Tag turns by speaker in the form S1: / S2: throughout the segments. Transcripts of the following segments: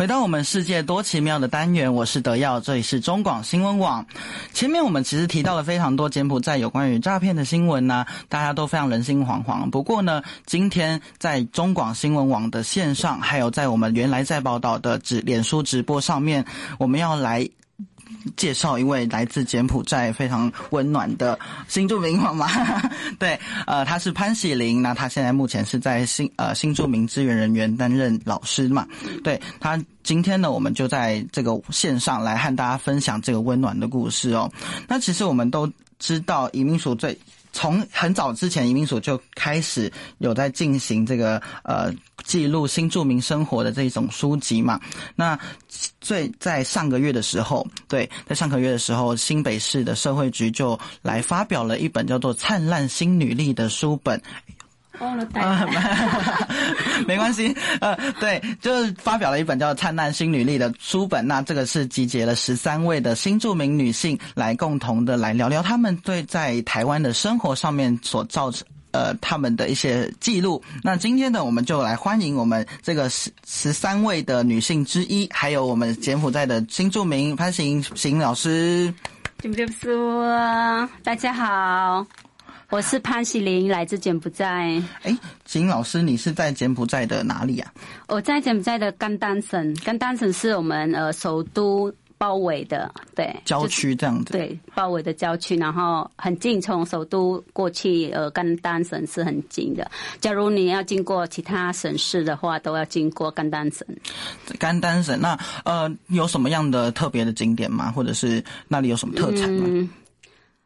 S1: 回到我們世界多奇妙的單元，我是德耀，這裡是中廣新聞網。前面我們其實提到了非常多柬埔寨有關於詐騙的新聞呢、啊，大家都非常人心惶惶。不過呢，今天在中廣新聞網的線上，還有在我們原來在報道的直臉書直播上面，我們要來。介紹一位來自柬埔寨非常溫暖的新住民媽嘛， 對，呃，他是潘喜玲，那他現在目前是在新、呃新住民支援人員擔任老師嘛，對，他今天呢，我們就在這個線上來和大家分享這個溫暖的故事哦，喔。那其實我們都知道移民署最從很早之前，移民署就開始有在進行這個呃記錄新住民生活的這種書籍嘛。那最在上個月的時候，對，在上個月的時候，新北市的社會局就來發表了一本叫做《燦爛新女力》的書本。啊， 沒關係。呃，對，就是發表了一本叫《燦爛新女力》的書本。那這個是集結了十三位的新住民女性來共同的來聊聊她們對在台灣的生活上面所造成呃她們的一些記錄。那今天呢，我們就來歡迎我們這個十十三位的女性之一，還有我們柬埔寨的新住民潘喜玲老師。
S2: 對不起，大家好。我是潘喜玲，來自柬埔寨。
S1: 哎，景老師，你是在柬埔寨的哪裡呀、啊？
S2: 我在柬埔寨的甘丹省，甘丹省是我們呃首都包圍的，對，郊區這樣子。對，包圍的郊區，然後很近，從首都過去呃甘丹省是很近的。假如你要經過其他省市的話，都要經
S1: 過甘丹省。甘丹省那呃有什麼樣的特別的景點嗎？或者是那裡有什麼特產嗎？嗯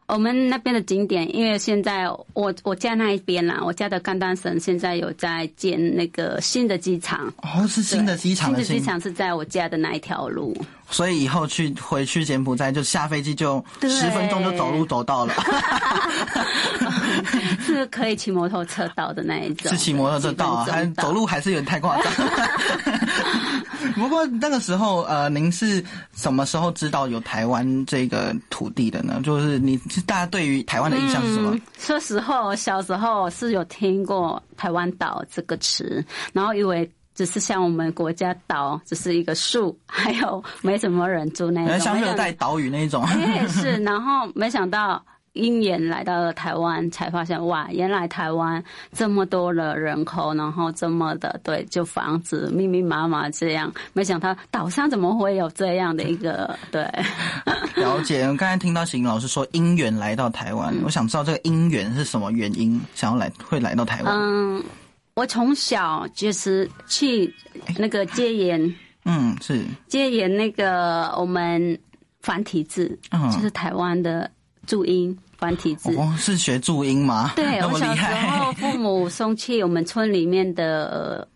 S2: 我們那邊的景點，因為現在我我家那一邊啦，我家的甘丹省現在有在建那個新的機場。
S1: 哦，是新的機場的。對新的機場
S2: 是在我家的那一條路。
S1: 所以以後去回去柬埔寨，就下飛機就十分鐘就走路走到了
S2: 對， 是可以騎摩托車到的那一種。是
S1: 騎摩托車到啊，還走路還是有點太誇張。不過那個時候，呃，您是什麼時候知道有台灣這個土地的呢？就是你是大家對於台灣的印象是
S2: 什麼？那、嗯、時候小時候是有聽過台灣島這個詞，然後以為。只是像我們國家島，只是一個樹，還有沒什麼人住那種，像熱帶
S1: 島嶼那一種 是，
S2: 然後沒想到因緣來到了台灣，才發現哇，原來台灣這麼多的人口，然後這麼的對，就房子密密麻麻這樣。沒想到島上怎麼會有這樣的一個 對？
S1: 了解，我剛才聽到喜玲老師說因緣來到台灣，嗯、我想知道這個因緣是什麼原因想要來會來到台
S2: 灣？嗯。我從小就是去那個戒嚴、
S1: 欸，嗯，是
S2: 戒嚴那個我們繁體字，嗯、就是台灣的注音繁體字、哦，
S1: 是學注音嗎？對，我
S2: 小時候，父母送去我們村裡面的。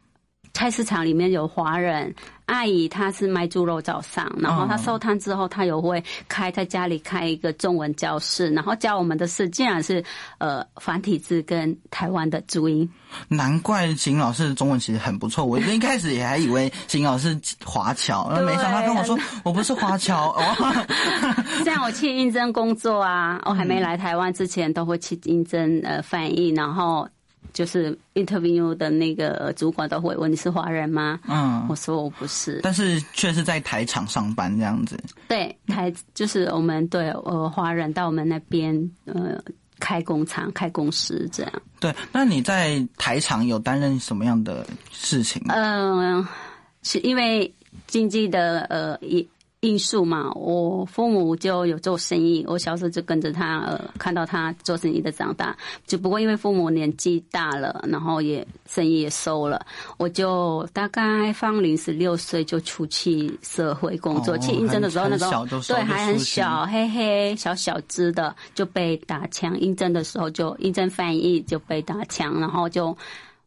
S2: 菜市場裡面有華人阿姨，她是賣豬肉早上，然後她收攤之後，她有會開在家裡開一個中文教室，然後教我們的是竟然是呃繁
S1: 體字跟台灣的注音。難怪秦老師中文其實很不錯，我一開始也還以為秦老師華僑，那 沒想到他跟我說我不是華僑哦。
S2: 這樣我去應徵工作啊，我還沒來台灣之前都會去應徵呃翻譯，然後。就是 interview 的那個主管都會問，你是華人嗎？
S1: 嗯，我說我不是，但是卻是在台廠上班這樣子。
S2: 對台就是我們對呃華人到我們那邊呃開工廠開公
S1: 司這樣。對，那你在台廠有擔任什麼樣的事情？
S2: 嗯，是因為經濟的呃一。因素嘛，我父母就有做生意，我小時候就跟着他、呃、看到他做生意的長大，只不過因為父母年紀大了，然後也生意也收了，我就大概芳齡十六歲就出去社會工作。哦、去應徵的時候，小時候那時候，小時候對還很小，黑黑小小只的就被打槍。應徵的時候就應徵翻譯就被打槍，然後就。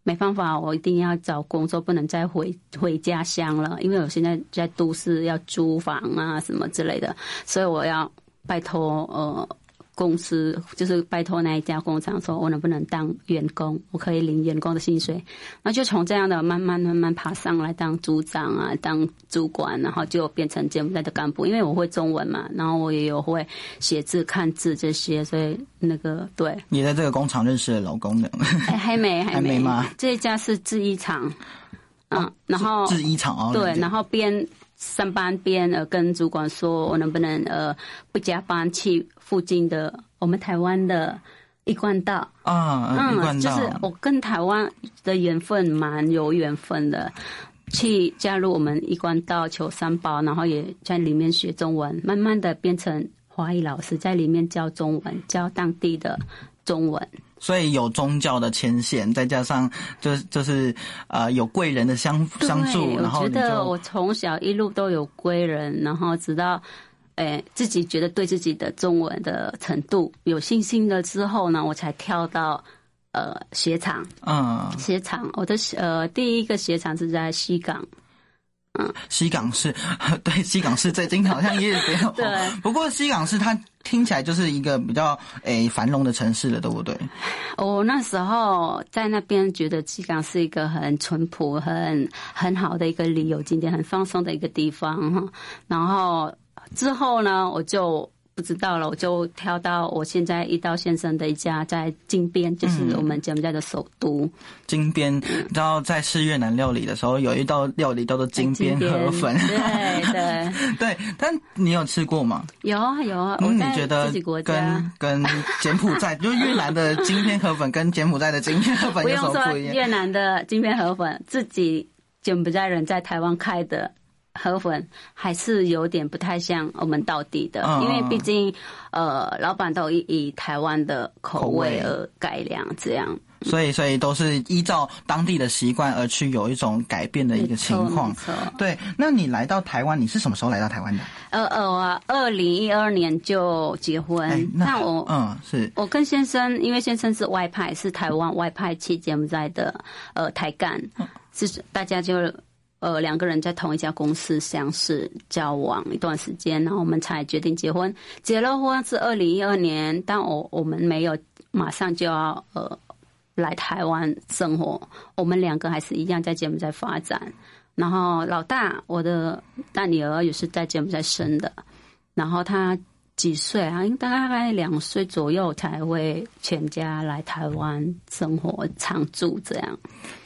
S2: 沒辦法，我一定要找工作，不能再回回家鄉了，因為我現在在都市，要租房啊什麼之類的，所以我要拜托呃。公司就是拜託那一家工廠，說我能不能當員工，我可以領員工的薪水，那就從這樣的慢慢慢慢爬上來，當組長啊，當主管，然後就變成柬埔寨的幹部。因為我會中文嘛，然後我也有會寫字、看字這些，所以那個對。
S1: 你在這個工廠認識的老公的？
S2: 還沒，還沒，還沒嗎？這一家是製衣廠，哦、嗯，然後製衣廠啊，哦、對，然後編。上班邊呃跟主管說，我能不能呃不加班去附近的我們台灣的一貫道
S1: 啊？嗯，就是
S2: 我跟台灣的緣分蠻有緣分的，去加入我們一貫道求三寶，然後也在裡面學中文，慢慢的變成華裔老師在裡面教中文，教當地的中文。
S1: 所以有宗教的牽線，再加上、就是，就就是，呃，有貴人的相對相助，然後我覺得我
S2: 從小一路都有貴人，然後直到，誒自己覺得對自己的中文的程度有信心了之後呢，我才跳到，呃，鞋廠，嗯，鞋廠，我的呃第一個鞋廠是在西
S1: 港，嗯，西港市，對，西港市最近好像也也有， 對，不過西港市它。聽起來就是一個比較誒、欸、繁榮的城市了，對不對？
S2: 我、oh, 那時候在那邊覺得雞港是一個很淳樸、很很好的一個旅遊景點，很放鬆的一個地方哈。然後之後呢，我就。不知道了，我就挑到我現在一道先生的一家在金邊，
S1: 就是我們柬埔寨的首都。嗯、金邊，然後在吃越南料理的時候，有一道料理叫做金邊河粉。對對 對，但你有吃過嗎？
S2: 有啊有啊。那、嗯、你覺得跟
S1: 跟柬埔寨 就越南的金邊河粉跟柬埔寨的金邊河粉有什麼不一樣？越
S2: 南的金邊河粉自己柬埔寨人在台灣開的。河粉還是有點不太像我們道地
S1: 的，嗯、因為畢竟，
S2: 呃，老闆都以以台灣的口味而改
S1: 良，啊、這樣，所以，所以都是依照當地的習慣而去有一種改變的一個情況。沒錯，對。那你來到台灣，你是什麼時候來到台灣的？
S2: 呃呃，我二零一二年就結婚。欸、那，那我，
S1: 嗯，是。
S2: 我跟先生，因為先生是外派，是台灣外派期間在的，呃，台幹，嗯、是大家就。呃，兩個人在同一家公司相識、交往一段時間，然後我們才決定結婚。結了婚是二零一二年，但我我們沒有馬上就要呃來台灣生活，我們兩個還是一樣在柬埔寨發展。然後老大，我的大女兒也是在柬埔寨生的，然後她幾歲啊？應該大概兩歲左右才會全家來台灣生活
S1: 常住這樣。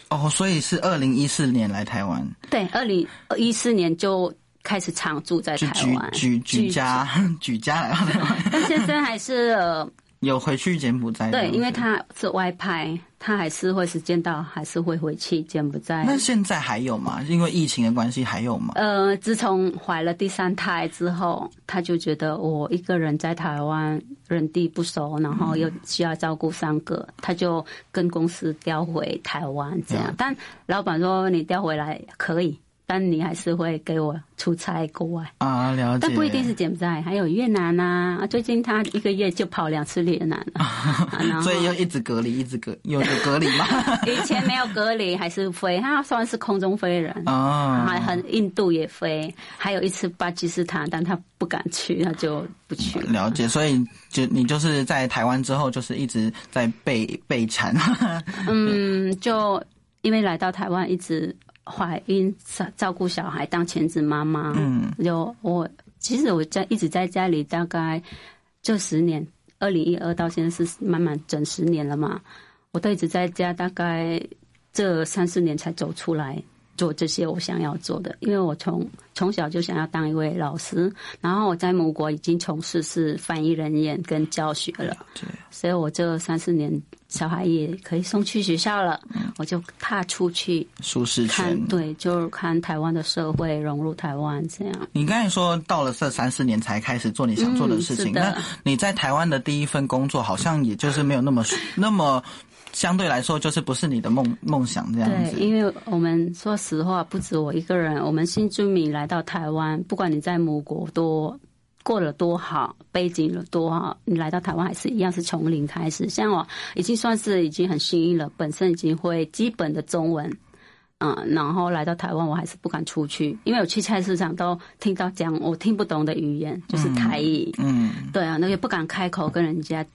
S1: 哦，oh, 所以是二零一四年來台灣，
S2: 對，二零一四年就開始常住在台灣，舉舉舉家
S1: 舉家來。那
S2: 對灣先生還是。 呃
S1: 有回去柬埔寨？對，因
S2: 為他是外派，他還是會時間到，還是會回去柬埔寨。那
S1: 現在還有嗎？因為疫情的關係，還有嗎？
S2: 呃，自從懷了第三胎之後，他就覺得我一個人在台灣，人地不熟，然後又需要照顧三個，嗯、他就跟公司調回台灣這樣。有但老板說，你調回來可以。但你還是會給我出差國外
S1: 啊，了解。但不一定是
S2: 柬埔寨，還有越南吶、啊。最近他一個月就跑兩次越南了，
S1: 啊、所以又一直隔離，一直隔有隔離嘛。
S2: 以前沒有隔離還是飛，他算是空中飛人啊。哦、還很印度也飛，還有一次巴基斯坦，但他不敢去，他就
S1: 不去。了解，所以就你就是在台灣之後，就是一直在被被纏。 對嗯，
S2: 就因為來到台灣，一直。懷孕，照照顧小孩，當全職媽媽。嗯，就我其實我在一直在家裡，大概這十年，二零一二到現在是慢慢整十年了嘛。我都一直在家，大概這三四年才走出來。做這些我想要做的。因為我從從小就想要當一位老師，然後我在母國已經從事是翻譯人員跟教學了，對，對，所以我這三四年小孩也可以送去學校了，嗯、我就踏出去，
S1: 舒適圈，
S2: 對，就看台灣的社會融入台灣這樣。
S1: 你剛才說到了這三四年才開始做你想做的事情，嗯、那你在台灣的第一份工作好像也就是沒有那麼 那麼。相對來說，就是不是你的夢夢想這樣子。對，因
S2: 為我們說實話，不止我一個人。我們新住民來到台灣，不管你在母國多過了多好，背景了多好，你來到台灣還是一樣是從零開始。像我，已經算是已經很幸運了，本身已經會基本的中文，嗯，然後來到台灣，我還是不敢出去，因為我去菜市場都聽到講我聽不懂的語言，就是台語。嗯，對啊，那也不敢開口跟人家。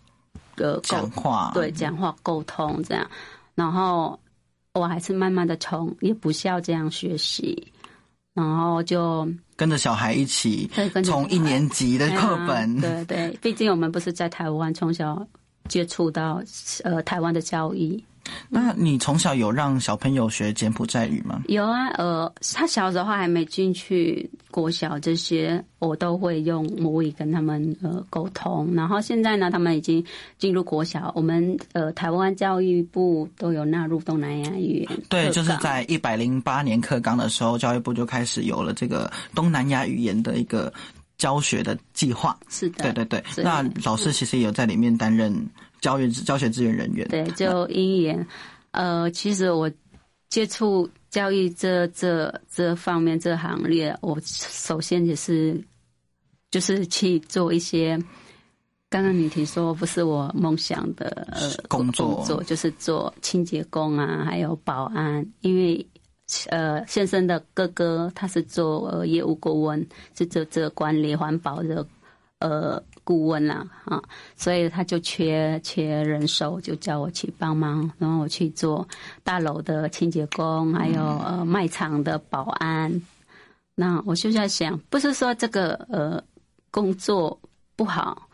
S2: 的講話。對，講話溝通這樣，然後我還是慢慢的從，也不需要這樣學習，然後就
S1: 跟着小孩一起，從一年級的課本。啊，對
S2: 對，對，畢竟我們不是在台灣，從小接觸到呃台灣的教育。
S1: 那你從小有讓小朋友學柬埔寨語嗎？
S2: 有啊，呃，他小時候還沒進去國小，這些我都會用母語跟他們呃溝通。然後現在呢，他們已經進入國小，我們呃台灣教育部都有納入東南亞語言。
S1: 對，就是在一百零八年課綱的時候，教育部就開始有了這個東南亞語言的一個教學的計劃。是的，對對對。是的。那老師其實也有在裡面擔任。教育教學支援人員，對，
S2: 就英語。 呃，其實我接觸教育這這這方面這行業，我首先也是就是去做一些。剛剛你聽說不是我夢想的呃
S1: 工作，工作就
S2: 是做清潔工啊，還有保安。因為呃，先生的哥哥他是做、呃、業務顧問，是做這個管理環保的呃。顧問了啊，啊，所以他就缺缺人手，就叫我去幫忙，然後我去做大樓的清潔工，還有呃賣場的保安。那我就在想，不是說這個呃工作不好，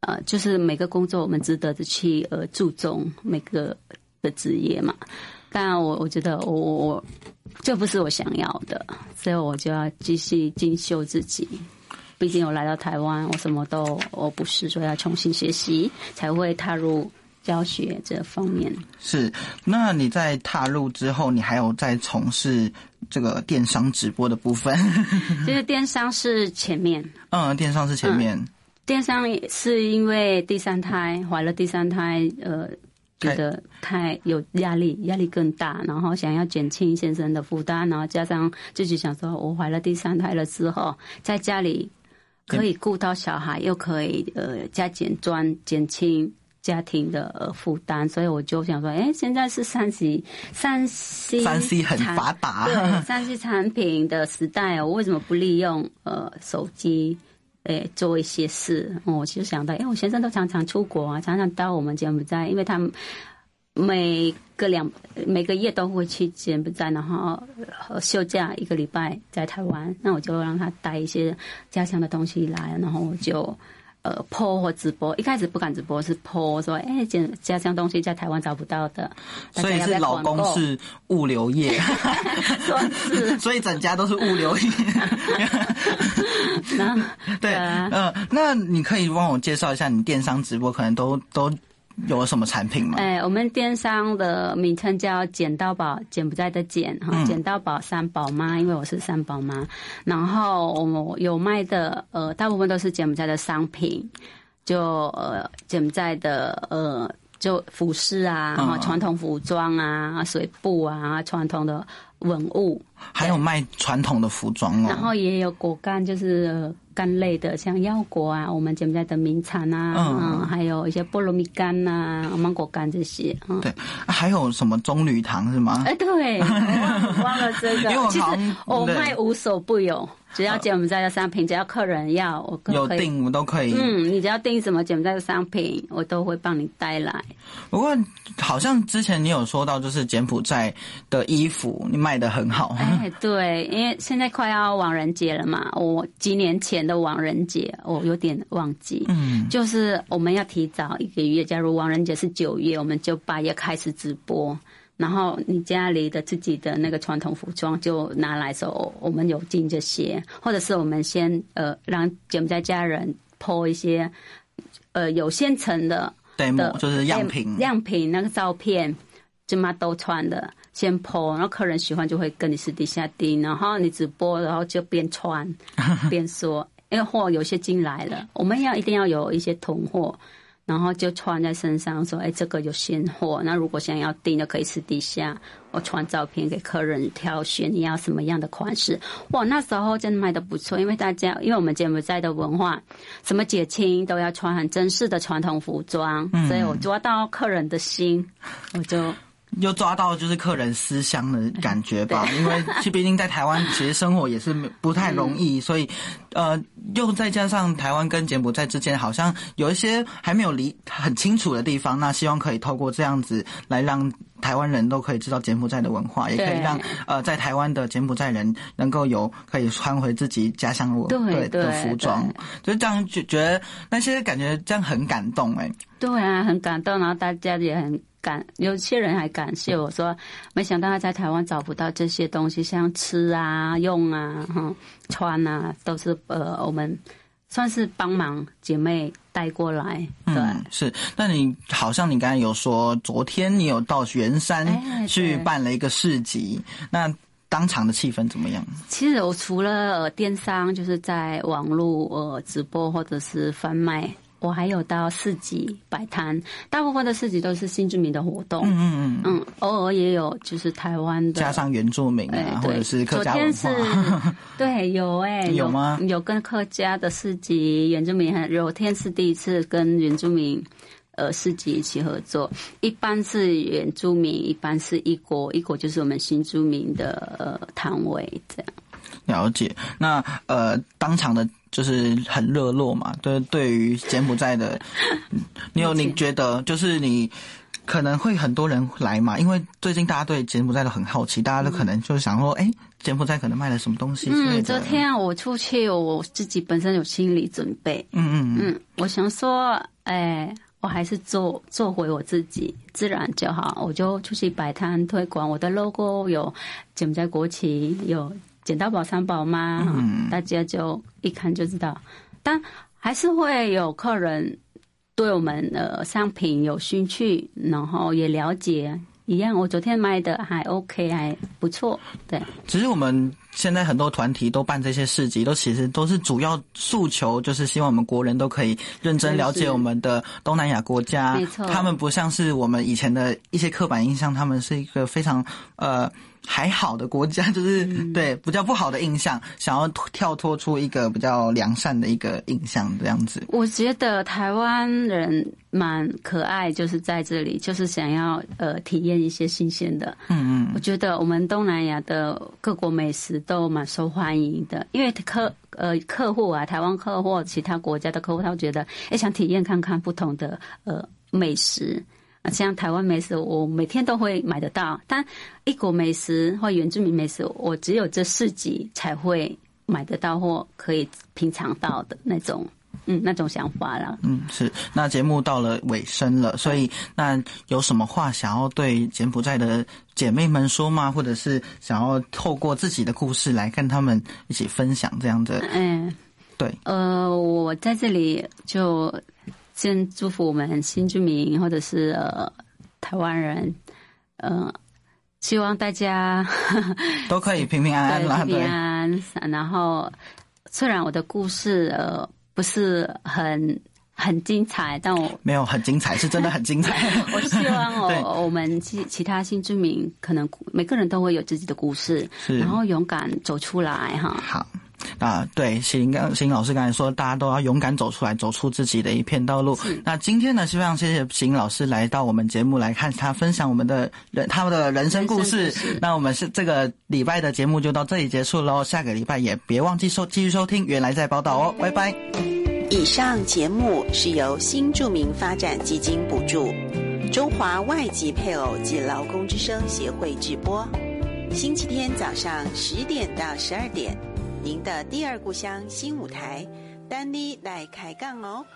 S2: 呃就是每個工作我們值得的去呃注重每個的職業嘛。但我我覺得我我這不是我想要的，所以我就要繼續進修自己。畢竟我來到台灣，我什麼都我不是說要重新學習才會踏入教學這
S1: 方面。是，那你在踏入之後，你還有在從事這個電商直播的部分？
S2: 就是電商是前面，
S1: 嗯，電商是前面、
S2: 嗯。電商是因為第三胎懷了第三胎，呃，覺得太有壓力，壓力更大，然後想要減輕先生的負擔，然後加上自己想說，我懷了第三胎了之後，在家裡。可以顧到小孩，又可以呃加減賺，減輕家庭的負擔，所以我就想說，哎、欸，現在是三 C 三 C、三 C 很發達，三 C 產品的時代，我為什麼不利用呃手機，哎、欸、做一些事、嗯？我就想到，誒、欸、我先生都常常出國啊，常常到我們柬埔寨，因為他們。每個兩每個月都會去柬埔寨，然後、呃、休假一個禮拜在台灣。那我就讓他帶一些家鄉的東西來，然後我就呃播或直播。一開始不敢直播是播，說哎、欸，家家鄉東西在台灣找不到的。要要所以是老公是物流業，
S1: 是 所以整家都是物流業。 那對，嗯、呃，那你可以幫我介紹一下你電商直播可能都都。有什麼產品嗎？哎、欸，我
S2: 們電商的名稱叫“柬到寶”，柬埔寨的“柬、喔”哈、嗯，“柬到寶”三寶媽，因為我是三寶媽，然後我們有賣的，呃，大部分都是柬埔寨的商品，就呃，柬埔寨的，呃，就服飾啊，傳統服裝啊，嗯、水布啊，傳統的。文物，
S1: 還有賣傳統的服裝哦。然後
S2: 也有果乾，就是乾類的，像腰果啊，我們柬埔寨的名產啊，嗯，嗯，還有一些菠蘿蜜乾吶、芒果乾這些。嗯、
S1: 對，還有什麼棕櫚糖是嗎？哎、
S2: 欸，對，忘了， 忘了這個。其實我賣無所不有。只要柬埔寨的商品，只要客人要，我都有訂，我
S1: 都可以。嗯，
S2: 你只要訂什麼柬埔寨的商品，我都會幫你帶來。
S1: 不過，好像之前你有說到，就是柬埔寨的衣服你賣得很好。
S2: 哎，對，因為現在快要亡人節了嘛。我幾年前的亡人節，我有點忘記。嗯，就是我們要提早一個月。假如亡人節是九月，我們就八月開始直播。然後你家裡的自己的那個傳統服裝就拿來的時候，我們有進這些，或者是我們先呃讓姐妹家家人拍一些呃有現成的，對 Demo，的，就是樣品，樣品那個照片，就嘛都穿的，先拍，然後客人喜歡就會跟你私底下訂，然後你直播，然後就邊穿邊說，因為貨有些進來了，我們要一定要有一些囤貨。然後就穿在身上，說：“哎，這個有現貨。那如果想要訂的，可以私底下我傳照片給客人挑選，你要什麼樣的款式？”哇，那時候真的賣得不錯，因為大家因為我們柬埔寨的文化，什麼節慶都要穿很正式的傳統服裝，所以我抓到客人的心，
S1: 我就。又抓到就是客人思鄉的感覺吧。對 因為畢竟在台灣其實生活也是不太容易， 嗯、所以呃，又再加上台灣跟柬埔寨之間好像有一些還沒有理很清楚的地方，那希望可以透過這樣子來讓，台灣人都可以知道柬埔寨的文化，也可以讓對呃在台灣的柬埔寨人能夠有可以穿回自己家鄉的對，對的服裝，就這樣覺覺得，那其實感覺這樣很感動哎、
S2: 欸。對啊，很感動，然後大家也很感，有些人還感謝我說， 沒想到他在台灣找不到這些東西，像吃啊、用啊、哈、嗯、穿啊，都是呃我們。算是幫忙
S1: 姐妹帶過來，對、嗯，是。那你好像你剛才有說，昨天你有到圓山去辦了一個市集，哎哎那當場的氣氛怎麼樣？
S2: 其實我除了呃電商，就是在網絡呃直播或者是販賣。我還有到市集擺攤，大部分的市集都是新住民的活動，嗯嗯嗯，偶爾也有就是台灣的，加上
S1: 原住民、啊，欸、或者是客家文
S2: 化，昨天是對，有誒、欸，有嗎有？有跟客家的市集、原住民，有天是第一次跟原住民呃市集一起合作，一般是原住民，一般是一國，一國就是我們新住民的呃攤位
S1: 這樣。了解，那呃當場的。就是很熱絡嘛，就是對於柬埔寨的。 你有你覺得就是你可能會很多人來嘛，因為最近大家對柬埔寨的很好奇，大家都可能就是想說，哎、嗯欸，柬埔寨可能賣了什麼東西？嗯，昨天
S2: 我出去，我自己本身有心理準備，嗯嗯嗯，我想說，哎、欸，我還是做做回我自己，自然就好，我就出去擺攤推廣，我的 logo 有柬埔寨國旗有。柬埔寨三寶嘛，嗯、大家就一看就知道，但還是會有客人對我們的商品有興趣，然後也了解。一樣，我昨天賣的還 OK，還不錯。對，其
S1: 實我們現在很多團體都辦這些市集，都其實都是主要訴求就是希望我們國人都可以認真了解我們的東南亞國家。沒錯是，他們不像是我們以前的一些刻板印象，他們是一個非常呃。還好的國家，就是對比較不好的印象，嗯、想要跳脫出一個比較良善的一個印象這樣子。
S2: 我覺得台灣人蠻可愛，就是在這裡，就是想要呃體驗一些新鮮的。嗯嗯，我覺得我們東南亞的各國美食都蠻受歡迎的，因為客呃客戶啊，台灣客戶、其他國家的客戶，他會覺得也想體驗看看不同的呃美食。像台灣美食，我每天都會買得到；但異國美食或原住民美食，我只有這四集才會買得到或可以品嘗到的那種，嗯，那種想法
S1: 了。嗯，是。那節目到了尾聲了，所以那有什麼話想要對柬埔寨的姐妹們說嗎？或者是想要透過自己的故事來跟他們一起分享這樣子？嗯，對嗯。
S2: 呃，我在這裡就。先祝福我們新住民，或者是、呃、台灣人，呃，希望大家
S1: 都可以平平安安，對平
S2: 安對、啊。然後，雖然我的故事、呃、不是很很精彩，但我
S1: 沒有很精彩，是真的很精彩。 我希望我對
S2: 我們其其他新住民，可能每個人都會有自己的故事，是然後勇敢
S1: 走出來哈。好。啊，對，邢剛、邢老師剛才說，大家都要勇敢走出來，走出自己的一片道路。是那今天呢，希望謝謝邢老師來到我們節目來看，他分享我們的人他們的人生故事。故事那我們是這個禮拜的節目就到這裡結束了，下個禮拜也別忘記收繼續收聽《原來在報道》哦，拜拜。以上節目是由新住民發展基金補助，中華外籍
S2: 配偶及勞工之聲協會直播，星期天早上十點到十二點。您的第二故鄉新舞台，丹妮來開槓
S1: 哦。